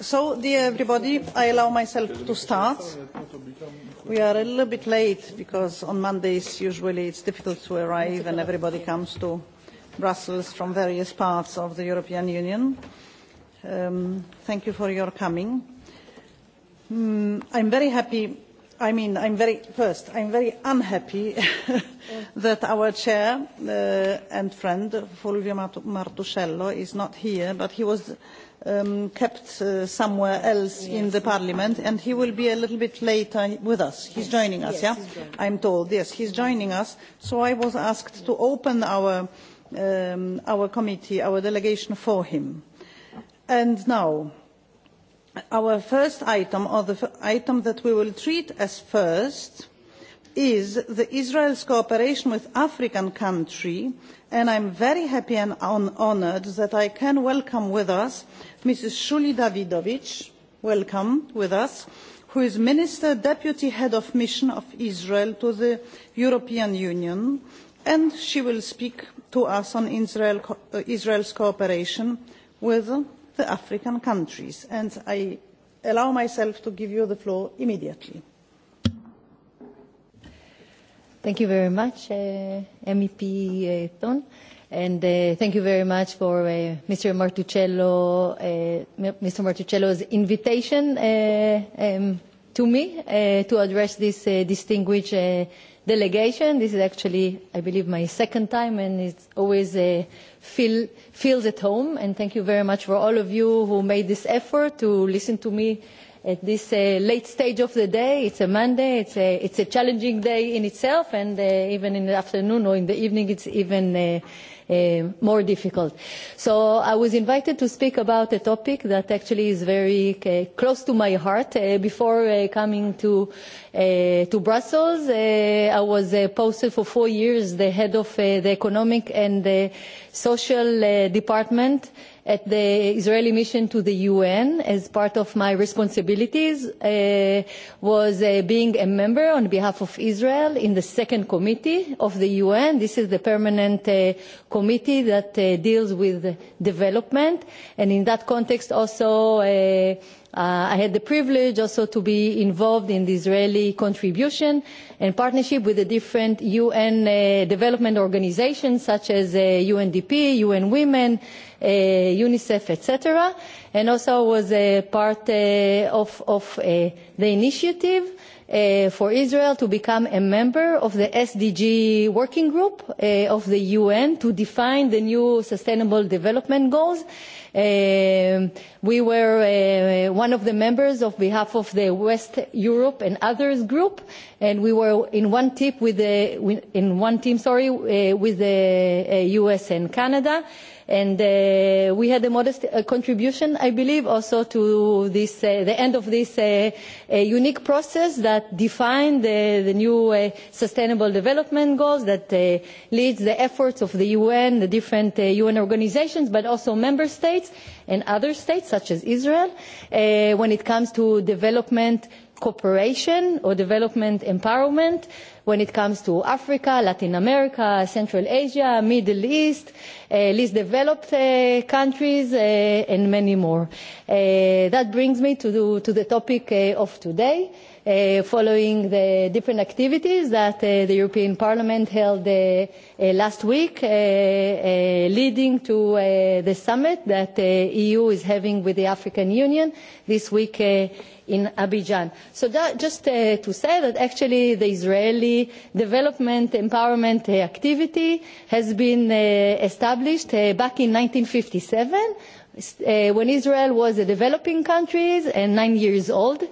So, dear everybody, I allow myself to start. We are a little bit late because on Mondays usually it's difficult to arrive and everybody comes to Brussels from various parts of the European Union. Um, thank you for your coming. Hmm, I'm very happy, I mean, I'm very, first, I'm very unhappy that our chair uh, and friend, Fulvio Martucello is not here, but he was Um, kept uh, somewhere else in the parliament and he will be a little bit later with us. He's joining us, yeah? I'm told, yes, he's joining us. So I was asked to open our, um, our committee, our delegation for him. And now, our first item, or the item that we will treat as first, is the Israel's cooperation with African countries, and I'm very happy and honoured that I can welcome with us Mrs. Shuli Davidovich, welcome with us, who is Minister Deputy Head of Mission of Israel to the European Union, and she will speak to us on Israel, uh, Israel's cooperation with the African countries. And I allow myself to give you the floor immediately. Thank you very much, uh, MEP uh, Ton. And uh, thank you very much for uh, Mr. Martuccello, uh, Mr. Martuccello's invitation uh, um, to me uh, to address this uh, distinguished uh, delegation. This is actually, I believe, my second time, and it's always uh, feel, feels at home. And thank you very much for all of you who made this effort to listen to me at this uh, late stage of the day. It's a Monday. It's a, it's a challenging day in itself, and uh, even in the afternoon or in the evening, it's even uh, uh, more difficult. So I was invited to speak about a topic that actually is very uh, close to my heart. Uh, before uh, coming to uh, to Brussels, uh, I was uh, posted for four years the head of uh, the economic and the uh, social uh, department at the Israeli mission to the UN as part of my responsibilities uh, was uh, being a member on behalf of Israel in the second committee of the UN. This is the permanent uh, committee that uh, deals with development and in that context also uh, Uh, I had the privilege also to be involved in the Israeli contribution and partnership with the different UN uh, development organizations such as uh, UNDP, UN Women, uh, UNICEF, etc. And also was a part uh, of, of uh, the initiative uh, for Israel to become a member of the SDG working group uh, of the UN to define the new sustainable development goals. Um, we were uh, one of the members of behalf of the West Europe and others group, and we were in one team with the in one team sorry uh, with the US uh, and Canada And uh, we had a modest uh, contribution, I believe, also to this, uh, the end of this uh, a uh, unique process that defined the new uh, sustainable development goals that uh, leads the efforts of the UN, the different uh, UN organizations, but also member states and other states such as Israel uh, when it comes to development cooperation or development empowerment when it comes to Africa, Latin America, Central Asia, Middle East, uh, least developed uh, countries, uh, and many more. Uh, that brings me to, to the topic uh, of today Uh, following the different activities that uh, the European Parliament held uh, last week, leading to the summit that the EU is having with the African Union this week in Abidjan. So that, just to say that actually the Israeli development empowerment activity has been established back in 1957 seven, when Israel was a developing country and nine years old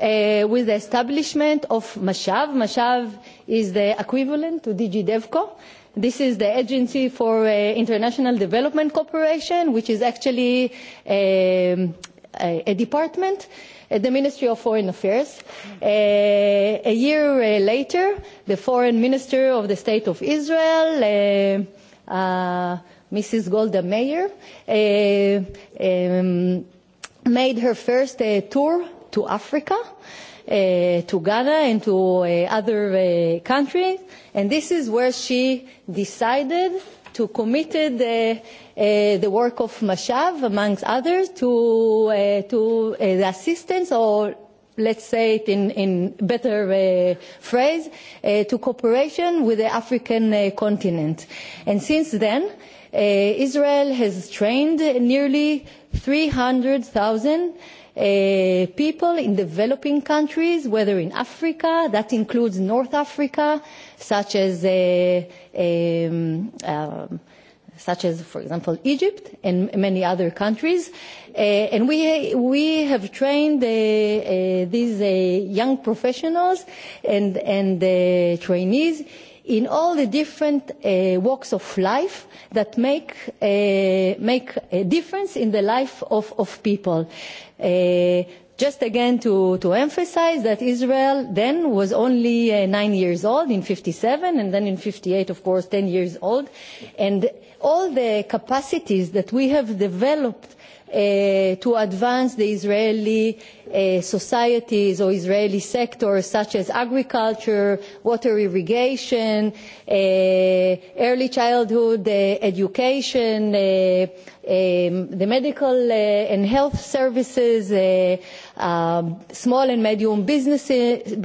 uh, with the establishment of Mashav. Mashav is the equivalent to DG DevCo. This is the Agency for uh, International Development Cooperation, which is actually um, a, a department at the Ministry of Foreign Affairs. Uh, a year uh, later, the Foreign Minister of the State of Israel, Mrs. Golda Meir, um, made her first tour to Africa, uh, to Ghana and to uh, other uh, countries. And this is where she decided to commit uh, uh, the work of Mashav, amongst others, to, uh, to uh, the assistance or let's say it in, in better uh, phrase, uh, to cooperation with the African uh, continent. And since then, uh, Israel has trained nearly 300,000 Uh, people in developing countries, whether in Africa, that includes North Africa, such as uh, um, um, such as, for example, Egypt and many other countries. Uh, and we, we have trained uh, uh, these uh, young professionals and, and uh, trainees in all the different uh, walks of life that make, uh, make a difference in the life of, of people. Eh, just again to, to emphasize that Israel then was only uh, nine years old in 57 and then in 58, of course, 10 years old. And all the capacities that we have developed uh, to advance the Israeli uh, societies or Israeli sectors such as agriculture, water irrigation, uh, early childhood uh, education, uh, um, the medical uh, and health services, uh, Um, small and medium businesses,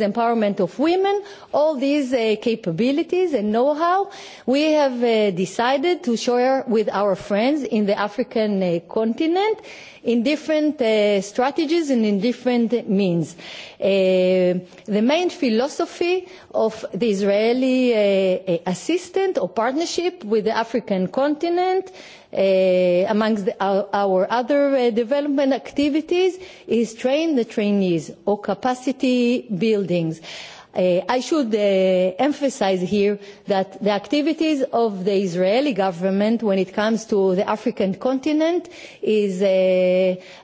empowerment of women, all these uh, capabilities and know-how we have uh, decided to share with our friends in the African uh, continent in different strategies and in different means. the main philosophy of the Israeli assistance assistant or partnership with the African continent Uh, amongst our, other uh, development activities is train the trainees or capacity buildings. Uh, I should uh, emphasize here that the activities of the Israeli government when it comes to the African continent is,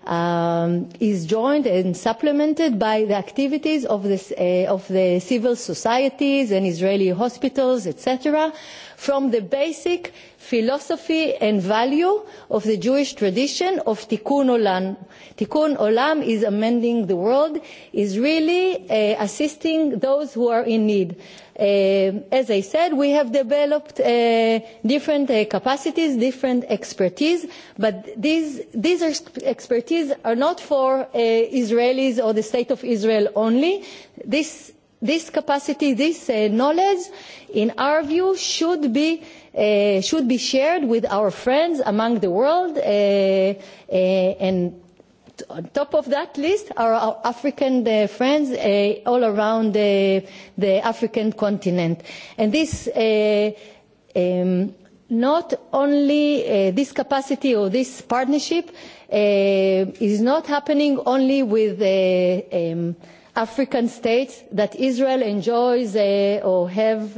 um, is joined and supplemented by the activities of, of the civil societies and Israeli hospitals, etc., from the basic philosophy and value of the Jewish tradition of Tikkun Olam. Tikkun Olam is amending the world, is really uh, assisting those who are in need. Uh, as I said, we have developed uh, different uh, capacities, different expertise, but these, these expertise are not for uh, Israelis or the state of Israel only. This, this capacity, this uh, knowledge, in our view, should be Uh, should be shared with our friends among the world uh, uh, and on top of that list are our African uh, friends uh, all around uh, the African continent. And this uh, um, not only uh, this capacity or this partnership uh, is not happening only with uh, um, African states that Israel enjoys eh, or have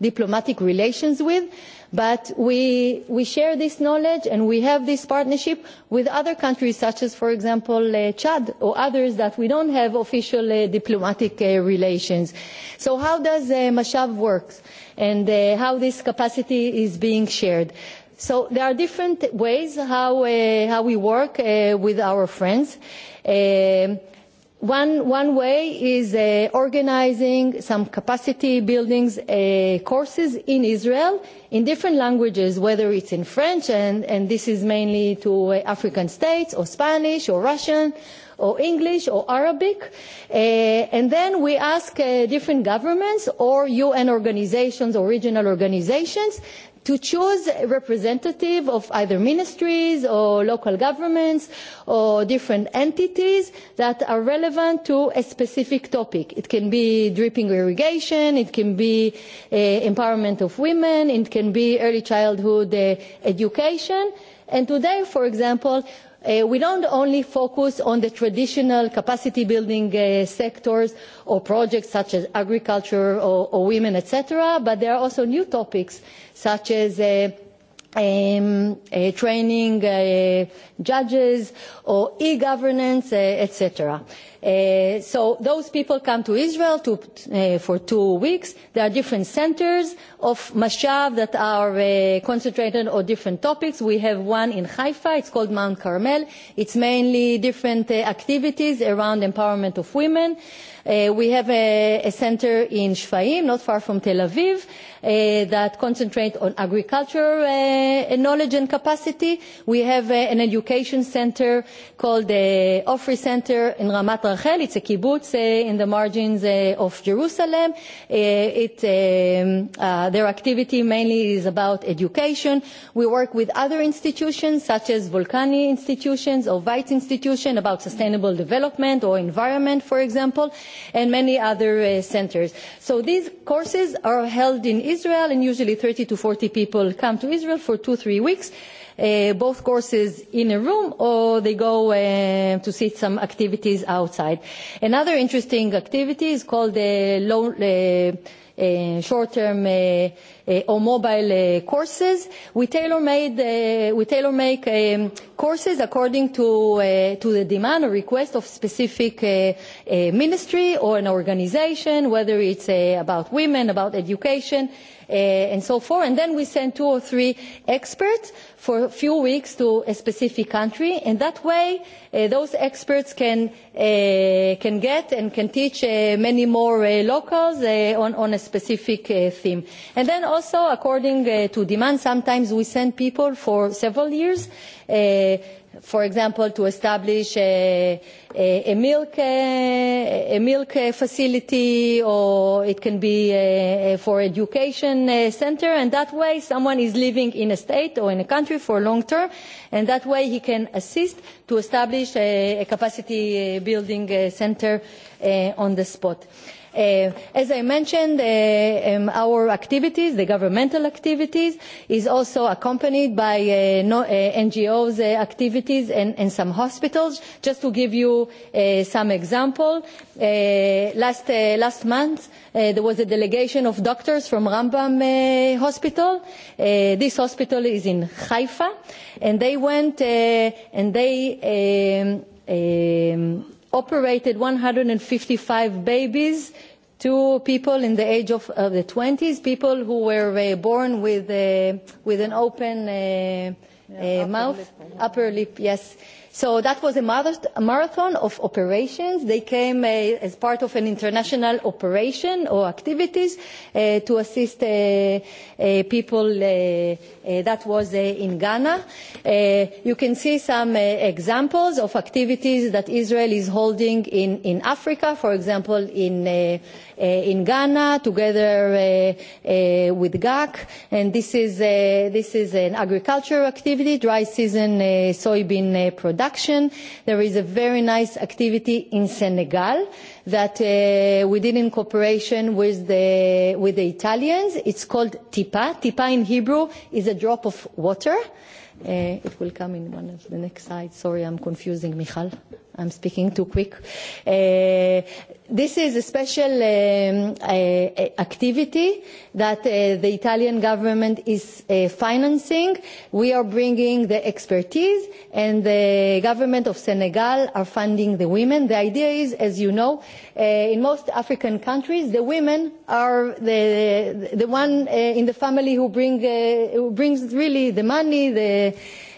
diplomatic relations with, but we, we share this knowledge and we have this partnership with other countries such as, for example, eh, Chad or others that we don't have official eh, diplomatic relations. So how does uh, Mashav work and how this capacity is being shared? So there are different ways how, how we work with our friends. One, one way is uh, organizing some capacity building uh, courses in Israel in different languages, whether it's in French, and, and this is mainly to uh, African states, or Spanish, or Russian, or English, or Arabic. Uh, and then we ask different governments or UN organizations or regional organizations to choose a representative of either ministries or local governments or different entities that are relevant to a specific topic. It can be dripping irrigation, it can be uh, empowerment of women, it can be early childhood uh, education. And today, for example, Uh, we don't only focus on the traditional capacity building uh, sectors or projects such as agriculture or, women, etc., but there are also new topics such as uh, um, training judges or e-governance, etc. Uh, so those people come to Israel uh, for two weeks. There are different centers of Mashav that are uh, concentrated on different topics. We have one in Haifa. It's called Mount Carmel. It's mainly different activities around empowerment of women. we have a, a center in Shfaim, not far from Tel Aviv, that concentrates on agriculture uh, knowledge and capacity. We have an education center called the Ofri Center in Ramat Rachel. It's a kibbutz uh, in the margins uh, of Jerusalem. Uh, it, um, uh, their activity mainly is about education. We work with other institutions such as Volcani institutions or Weitz institution about sustainable development or environment, for example, and many other uh, centers. So these courses are held in Israel and usually 30 to 40 people come to Israel for two, three weeks uh, both courses in a room or they go uh, to see some activities outside. Another interesting activity is called the low, uh, uh, short-term uh, uh, or mobile uh, courses. We tailor-made, uh, we tailor-make um, courses according to uh, to the demand or request of specific uh, uh, ministry or an organization, whether it's uh, about women, about education, uh, and so forth. And then we send two or three experts for a few weeks to a specific country and that way uh, those experts can uh, can get and can teach uh, many more uh, locals uh, on on a specific uh, theme and then also according uh, to demand sometimes we send people for several years uh, for example to establish a, uh, a, uh, a milk a, a milk facility or it can be a, a for education center and that way someone is living in a state or in a country country for long term and that way he can assist to establish a, a capacity uh, building uh, centre uh, on the spot. Uh, as I mentioned, uh, um, our activities, the governmental activities, is also accompanied by uh, no, uh, NGOs activities and, some hospitals. Just to give you some example, last, last month there was a delegation of doctors from Rambam Hospital. this hospital is in Haifa, and they went and they um, um, operated 155 babies to people in the age of uh, the 20s, people who were uh, born with, uh, with an open uh, yeah, uh, upper mouth, lip. upper lip, yes. So that was a marathon of operations. They came uh, as part of an international operation or activities uh, to assist uh, uh, people uh, uh, that was uh, in Ghana. Uh, you can see some uh, examples of activities that Israel is holding in, in Africa, for example, in uh, uh, in Ghana together uh, uh, with GAC. And this is, uh, this is an agricultural activity, dry season uh, soybean uh, production. There is a very nice activity in Senegal that uh, we did in cooperation with the, with the Italians. It's called tipa. Tipa in Hebrew is a drop of water. Uh, it will come in one of the next slides. Sorry, I'm confusing Michal. I'm speaking too quick. Uh, this is a special um, uh, uh, activity that uh, the Italian government is uh, financing. We are bringing the expertise and the government of Senegal are funding the women. The idea is, as you know, uh, in most African countries, the women are the, the one uh, in the family who, bring, uh, who brings really the money, the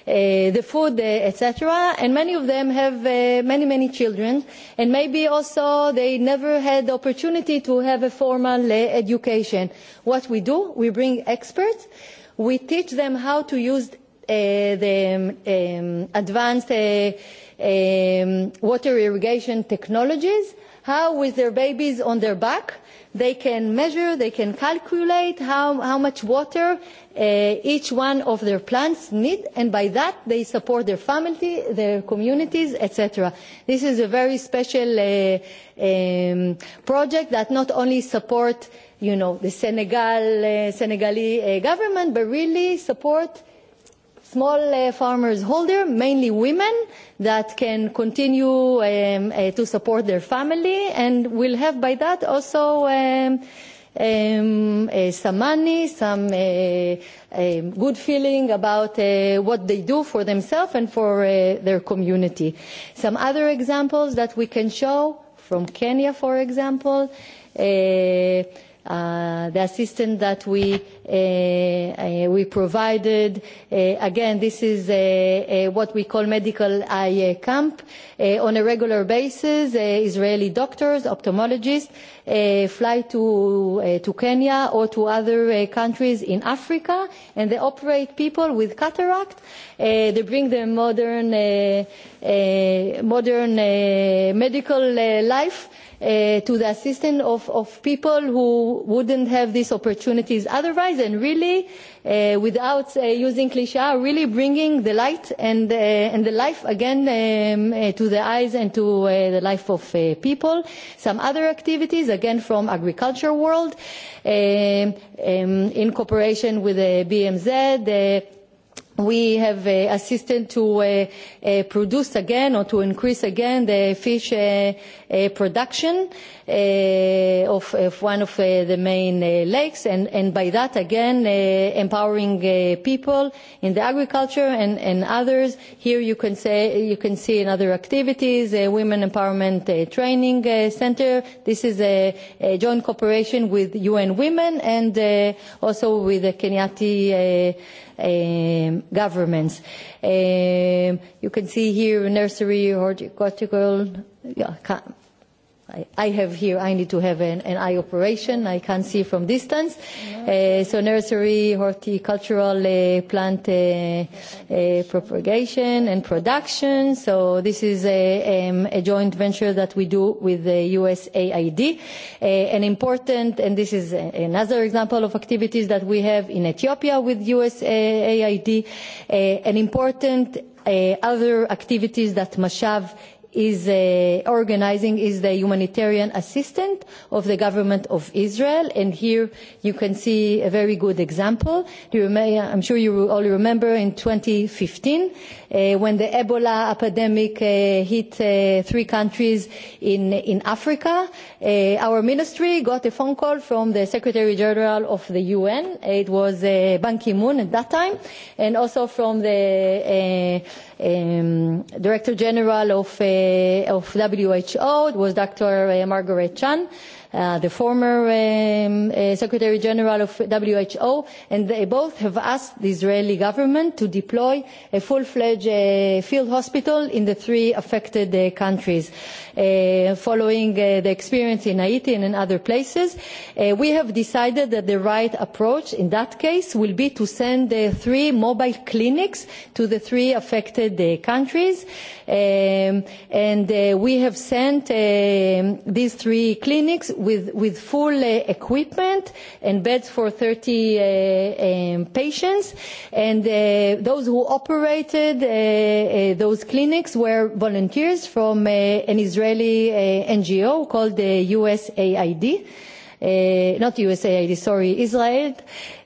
Uh, the food, uh, etc. And many of them have uh, many, many children. And maybe also they never had the opportunity to have a formal education. What we do, we bring experts. We teach them how to use the um, um advanced um, water irrigation technologies, how with their babies on their back, they can measure, they can calculate how, how much water Uh, each one of their plants need and by that they support their family their communities etc this is a very special uh, um, project that not only support you know the senegal uh, senegalese uh, government but really support small farmers holder mainly women that can continue um, to support their family and will have by that also um, um, uh, some money, some uh, good feeling about uh, what they do for themselves and for uh, their community. Some other examples that we can show from Kenya, for example. Uh, Uh, the assistance that we uh, uh we provided uh, again this is what we call medical eye camp on a regular basis israeli doctors ophthalmologists fly to to kenya or to other countries in africa and they operate people with cataract they bring them modern modern medical life Uh, to the assistance of, of people who wouldn't have these opportunities otherwise and really uh, without uh, using cliché really bringing the light and, uh, and the life again um, uh, to the eyes and to uh, the life of uh, people. Some other activities again from agriculture world um, um, in cooperation with the uh, BMZ, the uh, we have uh, assisted to uh, uh, produce again or to increase again the fish uh, uh, production uh, of, of one of uh, the main uh, lakes and, and by that again uh, empowering uh, people in the agriculture and, and others. Here you can, say, you can see in other activities, uh, Women Empowerment uh, Training uh, Center. This is a, a joint cooperation with UN Women and uh, also with the Kenyatta uh, um, governments. Um, you can see here nursery, horticultural, yeah, i, I have here, I need to have an, an eye operation. I can't see from distance. Eh, so nursery, horticultural eh, plant uh, uh, propagation and production. So this is a, um, a joint venture that we do with the USAID. Uh, an important, and this is another example of activities that we have in Ethiopia with USAID, uh, an important uh, other activities that Mashav is uh, organizing is the humanitarian assistant of the government of Israel. And here you can see a very good example. You may, I'm sure you all remember in 2015 uh, when the Ebola epidemic uh, hit uh, three countries in, in Africa. Uh, our ministry got a phone call from the Secretary General of the UN. It was uh, Ban Ki-moon at that time and also from the uh, um, Director General of, uh, of WHO was Dr. Uh, Margaret Chan, uh, the former um, uh, Secretary General of WHO, and they both have asked the Israeli government to deploy a full-fledged field hospital in the three affected countries, following the experience in Haiti and in other places. we have decided that the right approach in that case will be to send uh, three mobile clinics to the three affected affected countries. Um, and uh, we have sent uh, these three clinics with, with full uh, equipment and beds for 30 um, patients. And those who operated those clinics were volunteers from an Israeli NGO called the USAID uh, not USAID, sorry, Israel.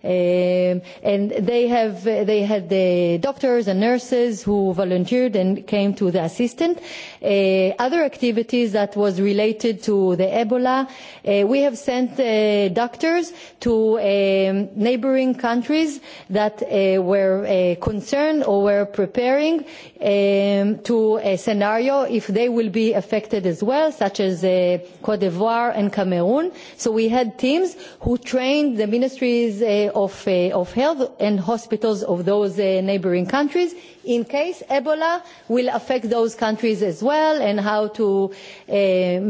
Um, and they have they had the doctors and nurses who volunteered and came to the assistant. Uh, other activities that was related to the Ebola, uh, we have sent uh, doctors to um, neighboring countries that uh, were uh, concerned or were preparing um, to a scenario if they will be affected as well, such as uh, Cote d'Ivoire and Cameroon. So we had teams who trained the ministries eh, of, eh, of health and hospitals of those eh, neighboring countries in case Ebola will affect those countries as well and how to uh,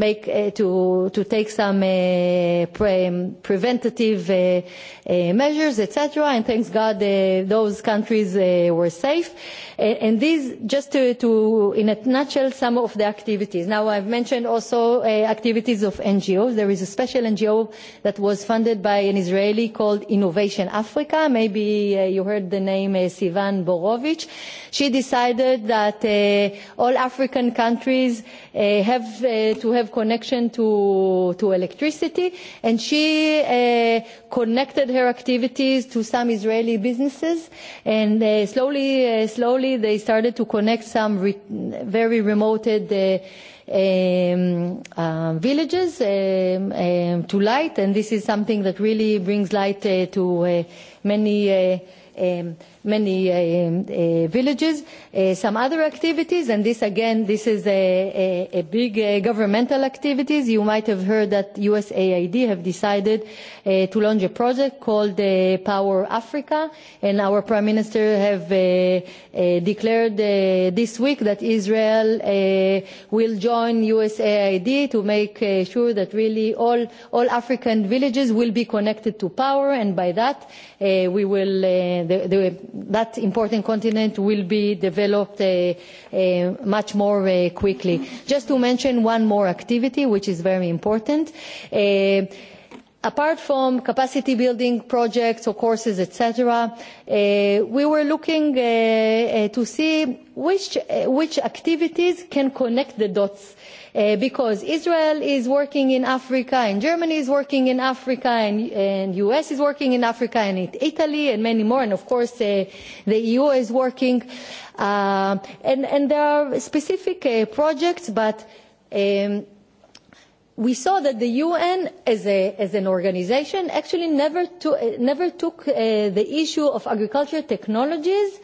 make uh, to to take some uh, pre preventative uh, uh, measures etc and thanks God uh, those countries uh, were safe and, and these just to, to in a nutshell some of the activities now I've mentioned also uh, activities of NGOs there is a special NGO that was funded by an Israeli called Innovation Africa maybe uh, you heard the name uh, Sivan Borovic She decided that uh, all African countries uh, have uh, to have connection to, to electricity and she uh, connected her activities to some Israeli businesses and uh, slowly, uh, slowly they started to connect some re very remote uh, um, uh, villages um, um, to light, and this is something that really brings light uh, to uh, many uh, um, many uh, um, uh, villages, uh, some other activities, and this again, this is a, a, a big uh, governmental activities. You might have heard that USAID have decided uh, to launch a project called uh, Power Africa, and our Prime Minister have uh, uh, declared uh, this week that Israel uh, will join USAID to make uh, sure that really all, all African villages will be connected to power, and by that uh, we will, uh, the, the that important continent will be developed uh, uh, much more uh, quickly. Just to mention one more activity, which is very important. Uh, apart from capacity building projects or courses, etc., uh, we were looking uh, uh, to see which, uh, which activities can connect the dots Eh, because Israel is working in Africa and Germany is working in Africa and, the US is working in Africa and Italy and many more and of course eh, the EU is working uh, and, and there are specific eh, projects but we saw that the UN as, a, as an organization actually never, never took uh, the issue of agricultural technologies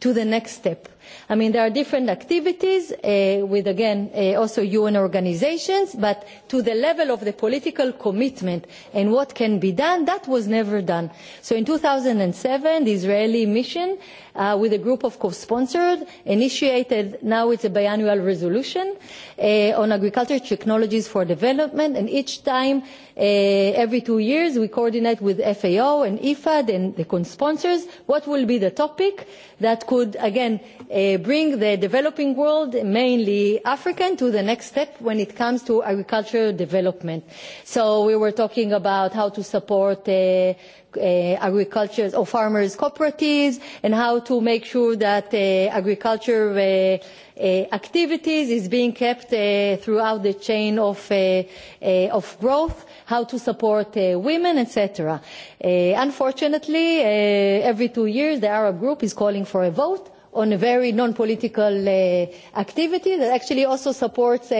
to the next step i mean, there are different activities uh, with, again, uh, also UN organizations, but to the level of the political commitment and what can be done, that was never done. So in 2007, the Israeli mission Uh, with a group of co-sponsors, initiated now it's a biannual resolution uh, on agriculture technologies for development, and each time, uh, every two years, we coordinate with FAO and IFAD and the co-sponsors what will be the topic that could, again, uh, bring the developing world, mainly African, to the next step when it comes to agricultural development. So we were talking about how to support uh, uh, agriculture or farmers cooperatives and how to make sure that uh, agriculture uh, uh, activities is being kept uh, throughout the chain of, uh, uh, of growth how to support uh, women, etc. Uh, unfortunately, uh, every two years the Arab group is calling for a vote on a very non-political uh, activity that actually also supports uh, uh,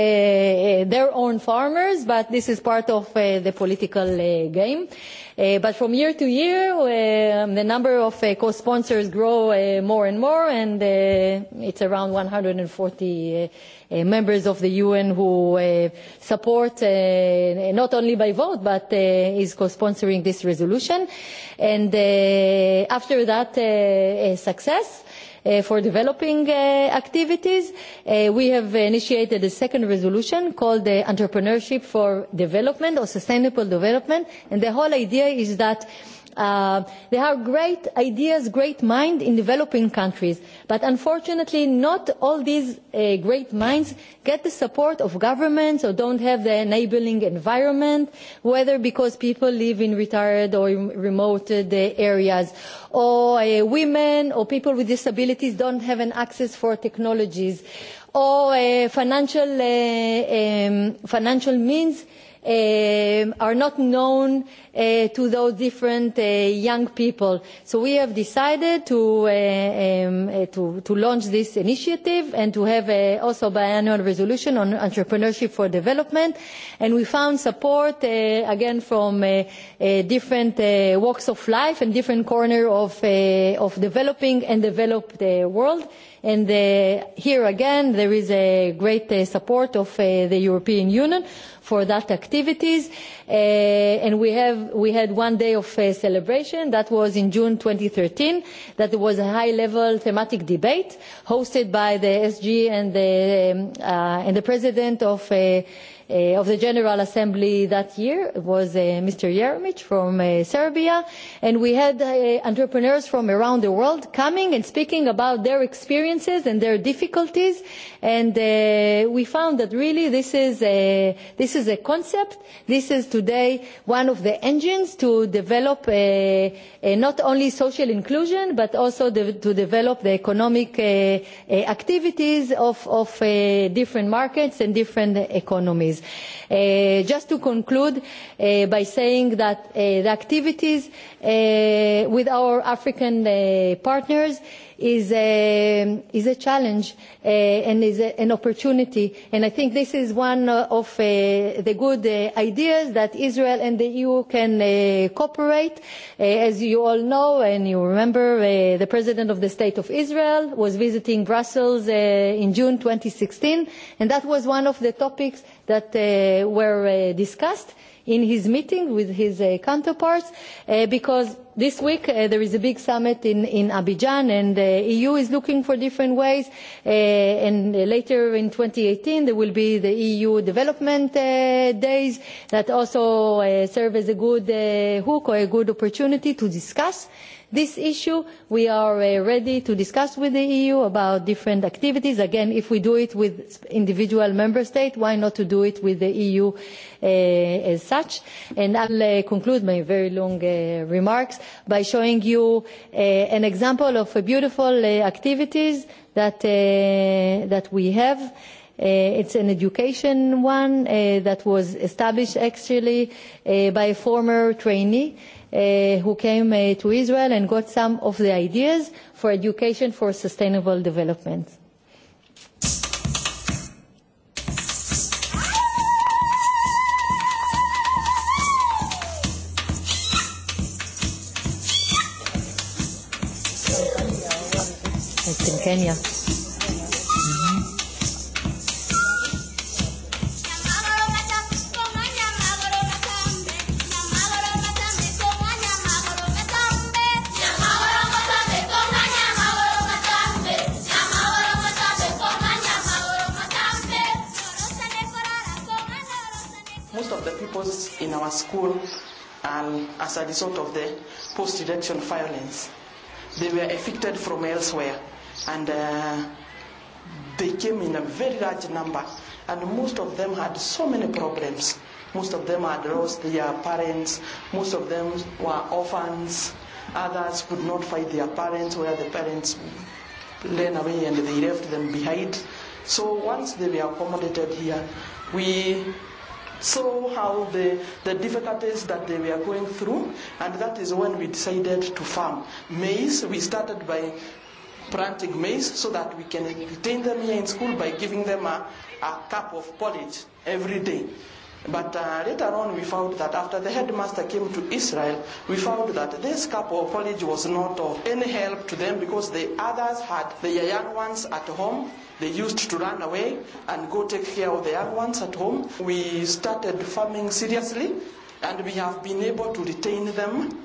their own farmers, but this is part of uh, the political uh, game. Uh, but from year to year, uh, the number of uh, co-sponsors grow uh, more and more, and uh, it's around 140 uh, uh, members of the UN who uh, support, uh, not only by vote, but uh, is co-sponsoring this resolution. And uh, after that uh, success, Uh, for developing uh, activities. Uh, we have initiated a second resolution called the Entrepreneurship for Development or Sustainable Development. And the whole idea is that uh, there are great ideas, great mind in developing countries But unfortunately, not all these uh, great minds get the support of governments or don't have the enabling environment, whether because people live in retired or remote uh, areas, or uh, women or people with disabilities don't have an access for technologies, or uh, financial, uh, um, financial means uh, are not known uh, to those different uh, young people. So we have decided to, uh, um, uh, to, to launch this initiative and to have a, uh, also biannual resolution on entrepreneurship for development. And we found support, uh, again, from uh, uh, different uh, walks of life and different corners of, uh, of developing and developed uh, world. And uh, here again, there is a great uh, support of uh, the European Union for that activities uh, and we have we had one day of uh, celebration that was in June 2013 that was a high level thematic debate hosted by the SG and the um, uh, and the president of uh, Uh, of the General Assembly that year was uh, Mr. Jeremic from uh, Serbia, and we had entrepreneurs from around the world coming and speaking about their experiences and their difficulties, and we found that really this is a, this is a concept. This is today one of the engines to develop not only social inclusion but also to develop the economic activities of, different markets and different economies. Uh, just to conclude uh, by saying that uh, the activities with our African partners is a, is a challenge and is an opportunity. And I think this is one of the good ideas that Israel and the EU can cooperate. as you all know and you remember, the President of the State of Israel was visiting Brussels in June 2016, and that was one of the topics that uh, were uh, discussed in his meeting with his uh, counterparts uh, because this week uh, there is a big summit in, in Abidjan and the uh, EU is looking for different ways uh, and later in 2018 there will be the EU development uh, days that also serve as a good hook or a good opportunity to discuss this issue we are uh, ready to discuss with the eu about different activities again if we do it with individual member States, why not to do it with the eu uh, as such and i'll uh, conclude my very long uh, remarks by showing you an example of a beautiful activities that that we have It it's an education one that was established actually by a former trainee Uh, who came uh, to Israel and got some of the ideas for education for sustainable development. in Kenya. school and as a result of the post-election violence, they were evicted from elsewhere and uh, they came in a very large number and most of them had so many problems. Most of them had lost their parents, most of them were orphans, others could not find their parents where the parents ran away and they left them behind. So once they were accommodated here, we saw how the, the difficulties that they were going through, and that is when we decided to farm maize. We started by planting maize so that we can retain them here in school by giving them a, a cup of porridge every day. But uh, later on, we found that after the headmaster came to Israel, we found that this couple of college was not of any help to them because the others had their young ones at home. They used to run away and go take care of the young ones at home. We started farming seriously, and we have been able to retain them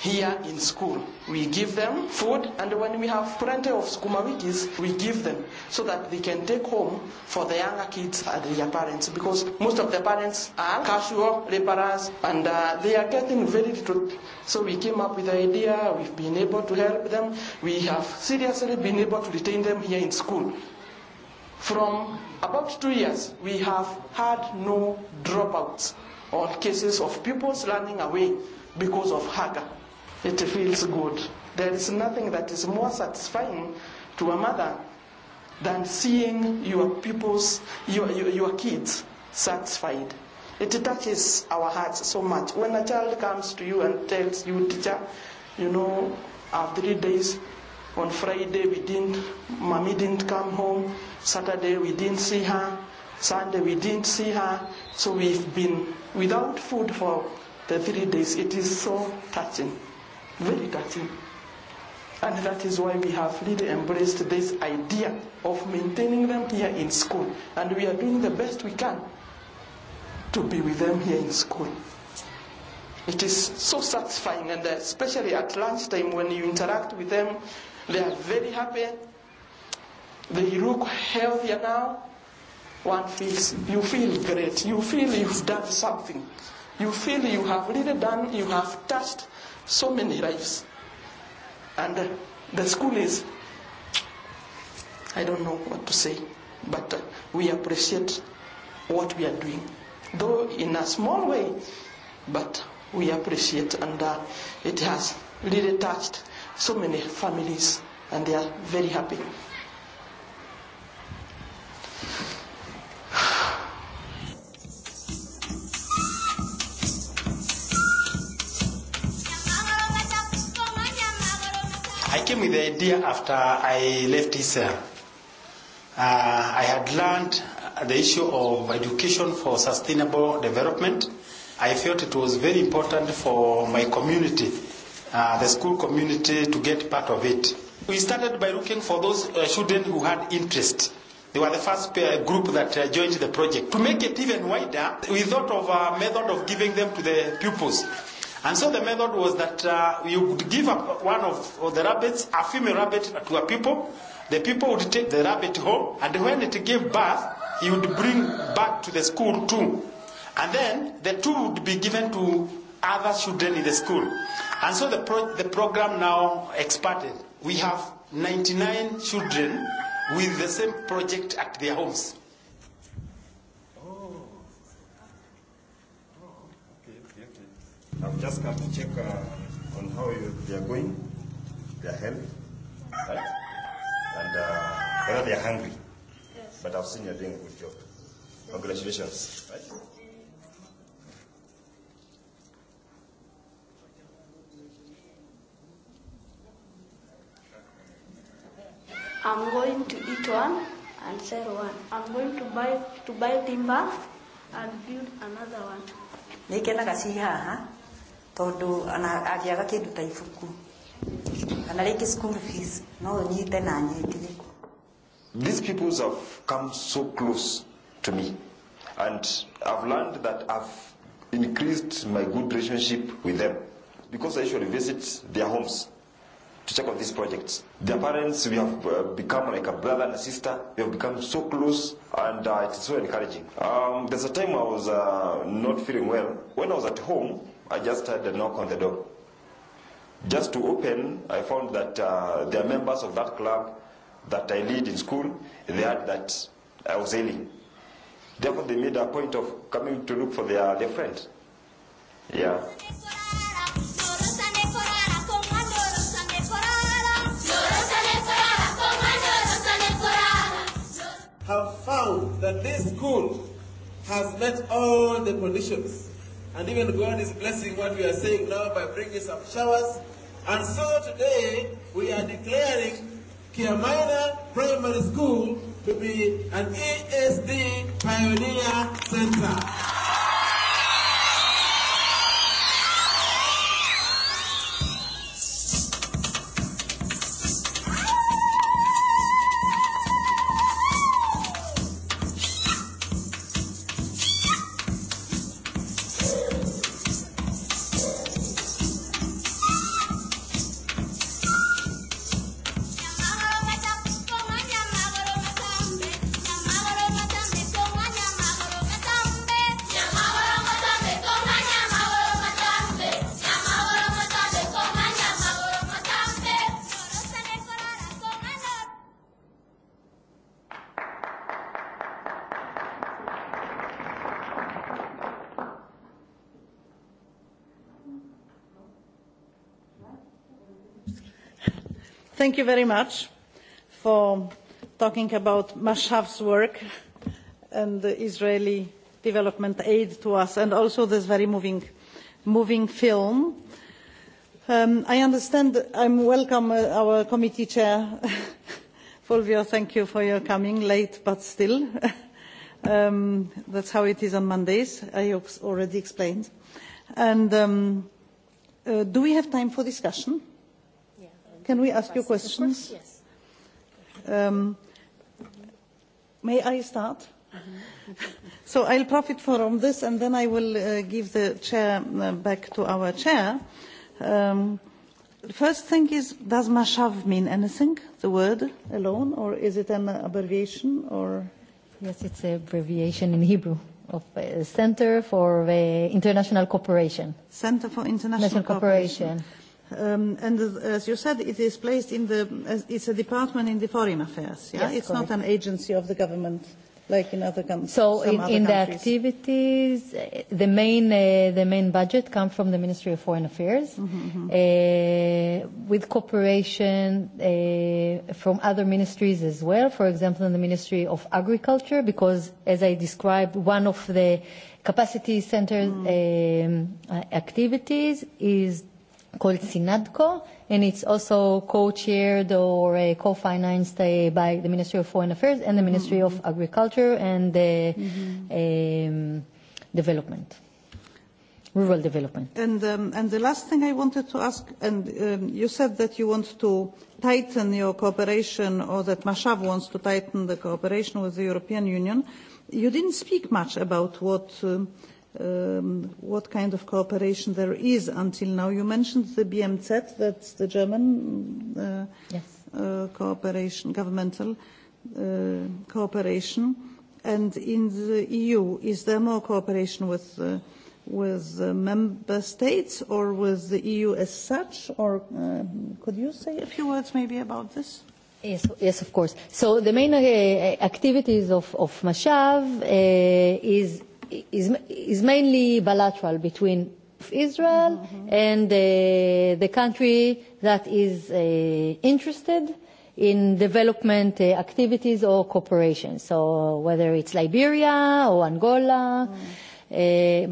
here in school. We give them food, and when we have plenty of school wikis, we give them so that they can take home for the younger kids and their parents. Because most of the parents are casual laborers and uh, they are getting very little. So we came up with the idea, we've been able to help them. We have seriously been able to retain them here in school. From about two years, we have had no dropouts or cases of pupils running away because of hunger. It feels good. There is nothing that is more satisfying to a mother than seeing your people's, your, your, your kids satisfied. It touches our hearts so much. When a child comes to you and tells you, teacher, you know, after three days, on Friday we didn't, mommy didn't come home. Saturday we didn't see her. Sunday we didn't see her. So we've been without food for the three days. It is so touching. Very meditative. And that is why we have really embraced this idea of maintaining them here in school. And we are doing the best we can to be with them here in school. It is so satisfying, and especially at lunchtime when you interact with them, they are very happy. They look healthier now. One feels, you feel great. You feel you've done something. You feel you have really done, you have touched so many lives. And uh, the school is, I don't know what to say, but uh, we appreciate what we are doing, though in a small way, but we appreciate and uh, it has really touched so many families and they are very happy With the idea after I left ESL. Uh, uh, I had learned the issue of education for sustainable development. I felt it was very important for my community, uh, the school community, to get part of it. We started by looking for those uh, students who had interest. They were the first uh, group that uh, joined the project. To make it even wider, we thought of a method of giving them to the pupils. And so the method was that uh, you would give up one of, the rabbits, a female rabbit, to a people. The people would take the rabbit home, and when it gave birth, he would bring back to the school too. And then the two would be given to other children in the school. And so the, pro- the program now expanded. We have 99 children with the same project at their homes. I've just come to check uh, on how you, they are going, their health, right? And uh, whether they are hungry. Yes. But I've seen you're doing a good job. Congratulations. Right? I'm going to eat one and sell one. I'm going to buy to buy timber and build another one. Nĩkena gaciha huh? tondu ona angĩaga kindu ta ibuku kana like school fees no ũnyite na these people have come so close to me and I've learned that I've increased my good relationship with them because I usually visit their homes to check on these projects. Their parents, we have uh, become like a brother and a sister. We have become so close and uh, it's so encouraging. Um, there's a time I was uh, not feeling well. When I was at home, i just had a knock on the door. Just to open, I found that uh, there are members of that club that I lead in school, they had that I was ailing. Therefore, they made a point of coming to look for their, their friend. Yeah. Have found that this school has met all the conditions And even God is blessing what we are saying now by bringing some showers. And so today, we are declaring Kiamina Primary School to be an ESD pioneer center. thank you very much for talking about Mashav's work and the Israeli development aid to us and also this very moving, moving film. Um, I understand I'm welcome uh, our committee chair, Fulvio, thank you for your coming late but still. um, that's how it is on Mondays, I already explained. And um, uh, do we have time for discussion? Can we ask you questions? Yes. Um, may I start? Mm-hmm. so I'll profit from this and then I will uh, give the chair uh, back to our chair. Um, the first thing is, does mashav mean anything, the word alone, or is it an abbreviation? or? Yes, it's an abbreviation in Hebrew of uh, Center for uh, International Cooperation. Center for International Cooperation. cooperation Um, and as you said, it is placed in the, it's a department in the foreign affairs. Yeah, yes, it's not an agency of the government like in other countries. So in, in the activities, eh, the main uh, the main budget comes from the Ministry of Foreign Affairs, uh, with cooperation uh, from other ministries as well. For example, in the Ministry of Agriculture, because as I described, one of the capacity center mm. um, activities is called SINADCO, and it's also co-chaired or uh, co-financed uh, by the Ministry of Foreign Affairs and the Ministry mm -hmm. of mm-hmm. Agriculture and uh, mm -hmm. um, Development, Rural Development. And, um, and the last thing I wanted to ask, and um, you said that you want to tighten your cooperation or that Mashav wants to tighten the cooperation with the European Union. You didn't speak much about what... Um, um, what kind of cooperation there is until now. You mentioned the BMZ, that's the German uh, yes. uh, cooperation, governmental uh, cooperation. And in the EU, is there more cooperation with, uh, with the member states or with the EU as such? Or uh, could you say a few words maybe about this? Yes, yes, of course. So the main uh, activities of, of Mashav uh, is is, is mainly bilateral between Israel mm -hmm. and uh, the country that is uh, interested in development uh, activities or cooperation. So whether it's Liberia or Angola. Mm. Uh,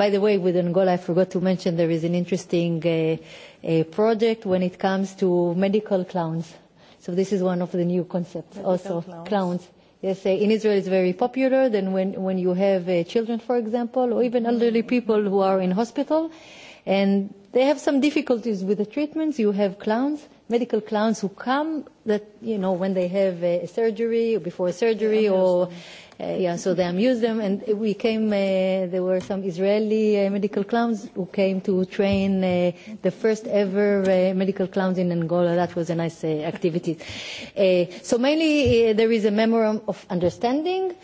by the way, with Angola, I forgot to mention there is an interesting uh, uh, project when it comes to medical clowns. So this is one of the new concepts medical also, clowns. clowns say in Israel is very popular. Then when, when you have uh, children, for example, or even elderly people who are in hospital, And they have some difficulties with the treatments. You have clowns, medical clowns who come that, you know, when they have a surgery or before a surgery or, uh, yeah, so they amuse them. And we came, uh, there were some Israeli uh, medical clowns who came to train uh, the first ever uh, medical clowns in Angola. That was a nice uh, activity. Uh, so mainly uh, there is a memorandum of understanding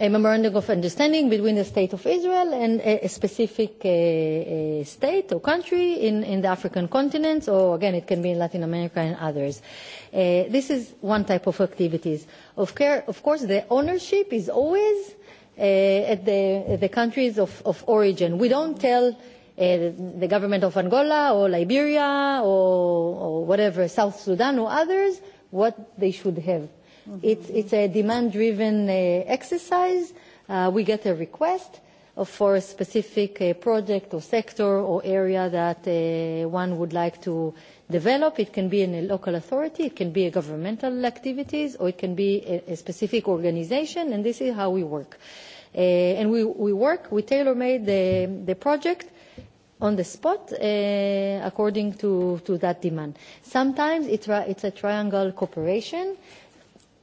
a memorandum of understanding between the state of Israel and a, a specific uh, uh, state or country in, in the African continent, or again, it can be in Latin America and others. Uh, this is one type of activities. Of, care, of course, the ownership is always uh, at, the, the countries of, of origin. We don't tell Uh, the government of Angola or Liberia or, or whatever, South Sudan or others, what they should have. Mm-hmm. It's, it's a demand-driven uh, exercise. Uh, we get a request for a specific uh, project or sector or area that uh, one would like to develop. It can be in a local authority, it can be a governmental activities, or it can be a, a specific organization, and this is how we work. Uh, and we, we work, we tailor-made the, the project on the spot uh, according to, to that demand. Sometimes it's, it's a triangle cooperation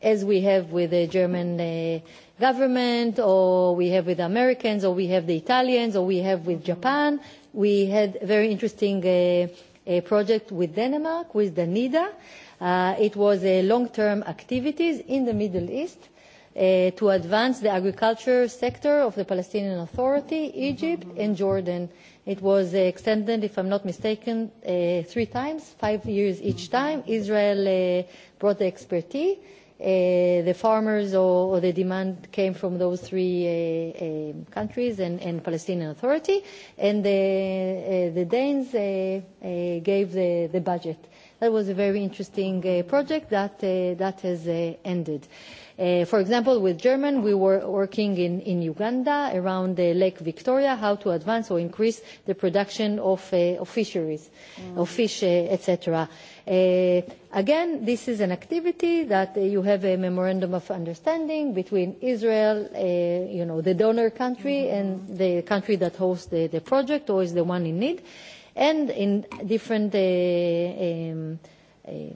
as we have with the German uh, government, or we have with Americans, or we have the Italians, or we have with Japan. We had a very interesting uh, a project with Denmark, with Danida. Uh, it was a long-term activities in the Middle East uh, to advance the agriculture sector of the Palestinian Authority, Egypt, and Jordan. It was extended, if I'm not mistaken, uh, three times, five years each time. Israel uh, brought the expertise Uh, the farmers or, or the demand came from those three uh, um, countries and, and Palestinian Authority, and the, uh, the Danes uh, uh, gave the, the budget. That was a very interesting uh, project that, uh, that has uh, ended. Uh, for example, with German, we were working in, in Uganda around uh, Lake Victoria, how to advance or increase the production of, uh, of fisheries, of mm. fish, uh, etc. Eh, again, this is an activity that you have a memorandum of understanding between Israel, uh, you know, the donor country mm-hmm. and the country that hosts the, the project or is the one in need. And in different uh, um,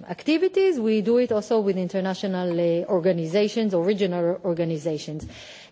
activities, we do it also with international uh, organizations or regional organizations.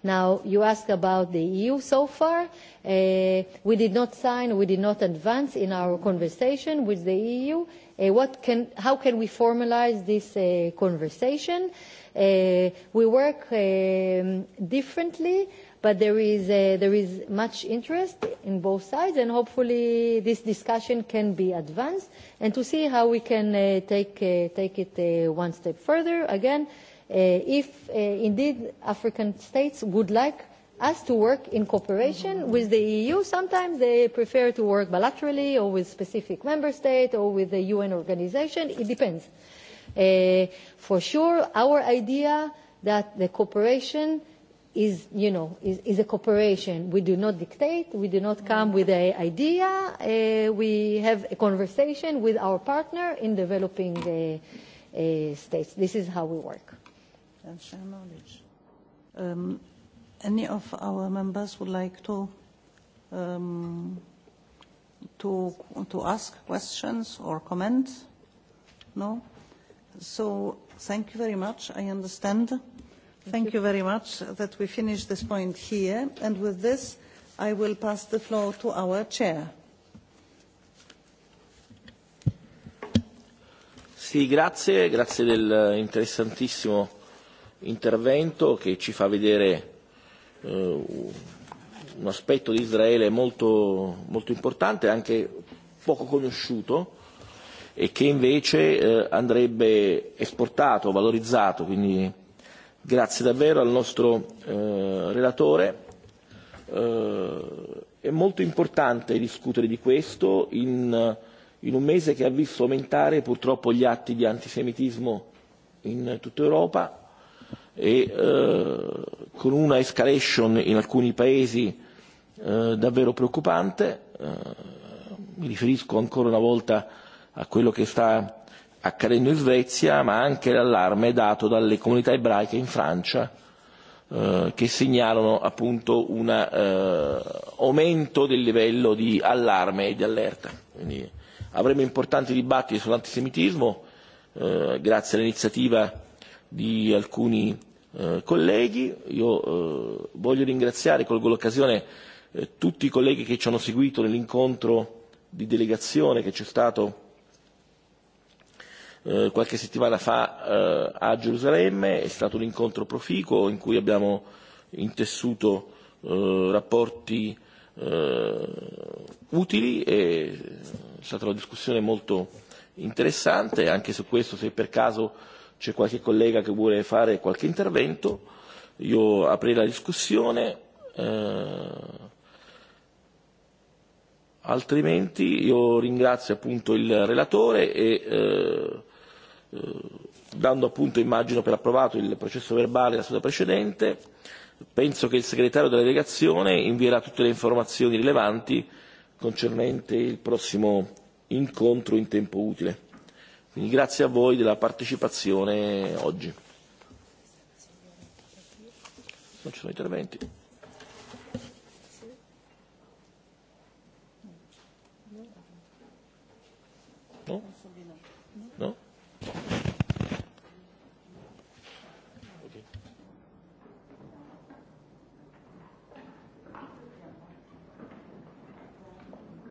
Now, you asked about the EU so far. Uh, we did not sign, we did not advance in our conversation with the EU. Uh, what can, how can we formalize this uh, conversation? we work um, differently, but there is, there is much interest in both sides, and hopefully this discussion can be advanced, and to see how we can take, take it one step further. Again, Uh, if uh, indeed African states would like us to work in cooperation with the EU. Sometimes they prefer to work bilaterally or with specific member state or with the UN organisation, It depends. Uh, for sure, our idea that the cooperation is, you know, is, is a cooperation. We do not dictate. We do not come with an idea. we have a conversation with our partner in developing states. This is how we work and share knowledge. Um, any of our members would like to um, to to ask questions or comment? No. So thank you very much. I understand. Thank, you. you very much that we finish this point here. And with this, I will pass the floor to our chair. Sì, grazie, grazie del eh, interessantissimo intervento che ci fa vedere eh, un aspetto di Israele molto, molto importante, anche poco conosciuto e che invece eh, andrebbe esportato, valorizzato. Quindi grazie davvero al nostro eh, relatore. È molto importante discutere di questo in, in un mese che ha visto aumentare purtroppo gli atti di antisemitismo in tutta Europa e eh, con una escalation in alcuni paesi eh, davvero preoccupante eh, mi riferisco ancora una volta a quello che sta accadendo in Svezia ma anche l'allarme dato dalle comunità ebraiche in Francia che segnalano appunto un aumento del livello di allarme e di allerta quindi avremo importanti dibattiti sull'antisemitismo grazie all'iniziativa di alcuni Eh, colleghi. Io eh, voglio ringraziare, colgo l'occasione, eh, tutti i colleghi che ci hanno seguito nell'incontro di delegazione che c'è stato qualche settimana fa a Gerusalemme. È stato un incontro proficuo in cui abbiamo intessuto rapporti utili e è stata una discussione molto interessante. Anche su questo, se per caso c'è qualche collega che vuole fare qualche intervento, io apri la discussione, eh, altrimenti io ringrazio appunto il relatore e eh, eh, dando appunto immagino per approvato il processo verbale della seduta precedente, penso che il segretario della delegazione invierà tutte le informazioni rilevanti concernente il prossimo incontro in tempo utile. Quindi grazie a voi della partecipazione oggi. Non ci sono interventi. No?